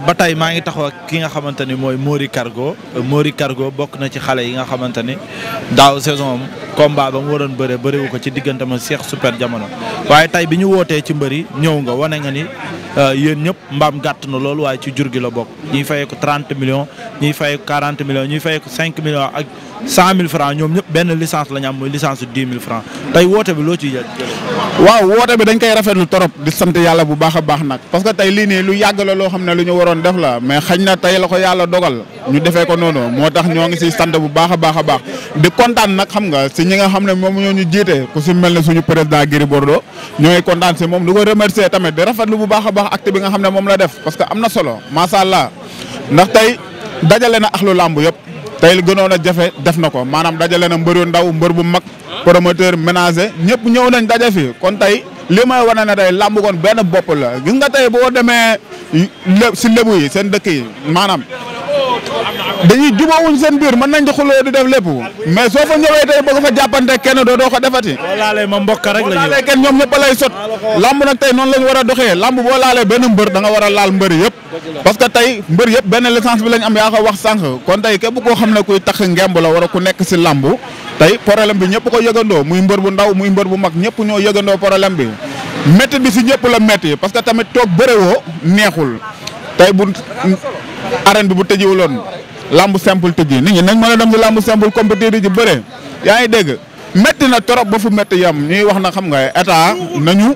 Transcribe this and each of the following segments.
ba tey maa ngi taxaw ak ki nga xamante ni mooy Mori Cargo Mori Cargo bokk na ci xale yi nga xamante ni daaw saison am ba mu waroon bëre bëriwu ko ci diggante ma Cheikh Super Jamono waaye tey bi ñu wootee ci mbëri ñëw nga wane nga ni euh, yéen ñëpp mbaam gàtt na lool waaye ci jur gi la bokk ñuy fayee ko 30 millions ñuy fayee ko 40 millions ñuy fayee ko 5 millions ak 100 000 francs ñoom ñëpp benn licence la ñu am muy licence su 10 francs tey woote bi loo ciy jël. waaw woote bi a waroon def la mais xañ na tey la ko yàlla dogal ñu defee ko noonu moo tax ñoo ngi si sant bu baax a baax a baax di kontaan nag xam nga si ñi nga xam ne moom ñoo ñu jiite ku si mel ne suñu président Giri Bordeaux ñooy kontaan si moom lu ko remercier tamit di rafetlu bu baax a baax acte nga xam ne moom la def parce que am na solo macha allah ndax tey dajale na axlu làmb yëpp tey gënoon a jafe def na ko maanaam dajale na mbër yu ndaw mbër bu mag promoteur ménager ñëpp ñëw nañ daje li may wane na tey làmb kon benn bopp la gis nga tey boo demee si lébu yi seen dëkk yi maanaam dañuy jubawuñ seen biir mën nañ di xuloo di def lépp mais soo fa ñëwee tey bëgg fa jàppante kenn doo doo ko defati. boo laalee ma mbokk rek la ñuy laalee kenn ñoom ñëpp lay sot. lamb nag tey noonu la ñu war a doxee lamb boo laalee benn mbër da nga war a laal mbër yëpp. parce que tey mbër yëpp benn licence bi lañ am yaa ko wax sànq kon tey képp koo xam ne kuy tax ngemb la war a ku nekk si lamb tey problème bi ñëpp ko yëgandoo muy mbër bu ndaw muy mbër bu mag ñëpp ñoo yëgandoo que tamit toog bëre woo neexul tey arène bi bu tëjiwuloon lamb simple tëji nit ñi nañ mën a dem si lamb simple compétiteur ji bëre yaa ngi dégg métti na trop ba fu métti yam ñuy wax na xam nga état nañu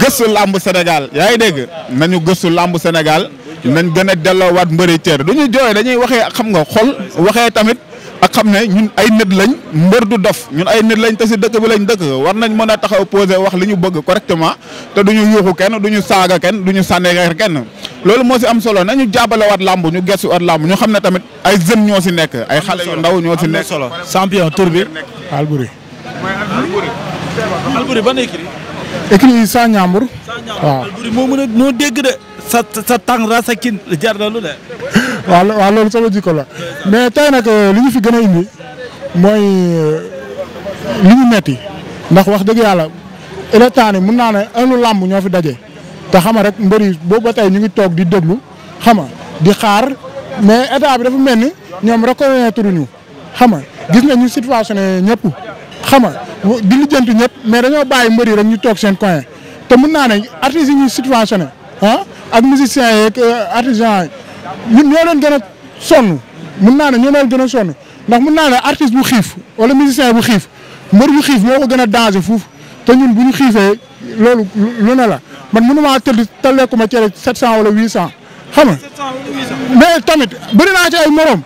gëstu làmb Sénégal yaa ngi dégg nañu gëstu làmb Sénégal nañ gën a delloowaat mbëri cër du ñu jooy dañuy waxee xam nga xol waxee tamit ak xam ne ñun ay nit lañ mbër du dof ñun ay nit lañ te si dëkk bi lañ dëkk war nañ mën a taxaw posé wax li ñu bëgg correctement te du ñu yuuxu kenn du ñu saaga kenn du ñu sànni kenn loolu moo si am solo nañu jàbbalewaat làmb ñu gëstu waat làmb ñu xam ne tamit ay jeunes ñoo si nekk ay xale yu ndaw ñoo si nekk solo champion tour bi Albouri Albouri ban écrit écrit sa ñaambur waaw Albouri moo mën a noo dégg de sa sa tàng ra sa kin jar na lu de waaw waaw jikko la mais tey nag euh, li ñu fi gën a indi mooy euh, li ñu metti ndax wax dëgg yàlla életaan yi mun naa ne làmb ñoo fi daje te xama rek mbër yi boobu ba ñu ngi toog di déglu xama di xaar mais état bi dafa mel ni ñoom reconnaître ñu xama gis na nañu situation ñëpp xama di lijjanti ñëpp mais dañoo bàyyi mbër rek ñu toog seen coin te mun naa ne artistes yi ñuy situation ah ak musiciens yeeg euh, artisans yi ñun ñoo leen gën a sonn mun naa ne ñoo leen gën a sonn ndax mun naa ne artiste bu xiif wala musicien bu xiif mbër bu xiif moo ko gën a danger fuuf te ñun bu ñu xiifee loolu lu ne la. man mënu maa tëdd talleeku ma cere 700 wala 800. xam nga mais tamit bëri naa ci ay morom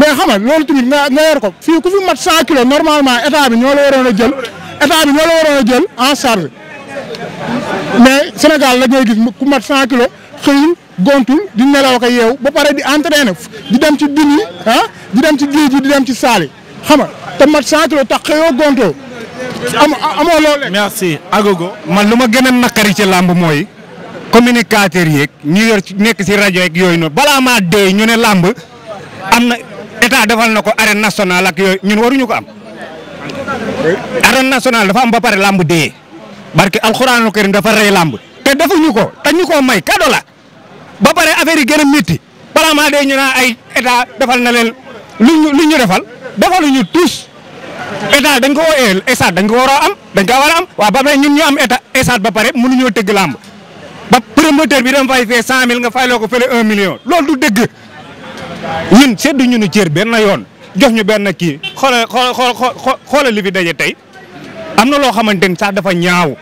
mais xam nga loolu tamit nga nga yor ko fii ku fi mat 100 kilos normalement état bi ñoo la waroon jël état bi ñoo la waroon jël en charge mais Sénégal la ngay gi ku mat 100 kilos xëyul gontul di nelaw ko yeew ba pare di entraîné di dem ci dun yi ah di dem ci géej gi di dem ci saali xam nga te mat 100 kilos tax xëyoo gontoo. am loo lekk merci man lu ma gën a naqari ci làmb mooy communicateur yeeg ñu yor nekk si rajo yeeg yooyu noonu balaa maa dee ñu ne làmb am na état defal na ko arène nationale ak yooyu ñun ñu ko am. arène nationale dafa am ba pare làmb dee barke alxuraanu karim dafa rey làmb te ñu ko te ñu ko may kado ba pare affaire yi gën a métti balaa maa dee ñu ay état defal na leen lu ñu lu ñu defal defaluñu tous. état dañ ko woo état dañ ko a am dañ ko a am waaw ba pare ñun ñu am état état ba pare mënuñoo tëgg làmb ba promoteur bi dama fay fee cent mille nga fayloo ko fële un million loolu du dëgg ñun seddu ñu nu cër benn yoon jox ñu benn kii xoolal xoolal li fi daje tey am na loo xamante ni sax dafa ñaaw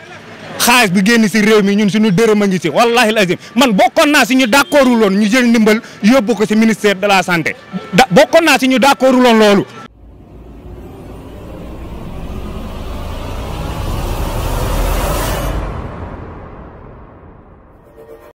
xaalis bi génn si réew mi ñun suñu dërëm a ngi si wallahi alazim man bokkoon naa si ñu d'accordul woon ñu jël ndimbal yóbbu ko si ministère de la santé da bokkoon naa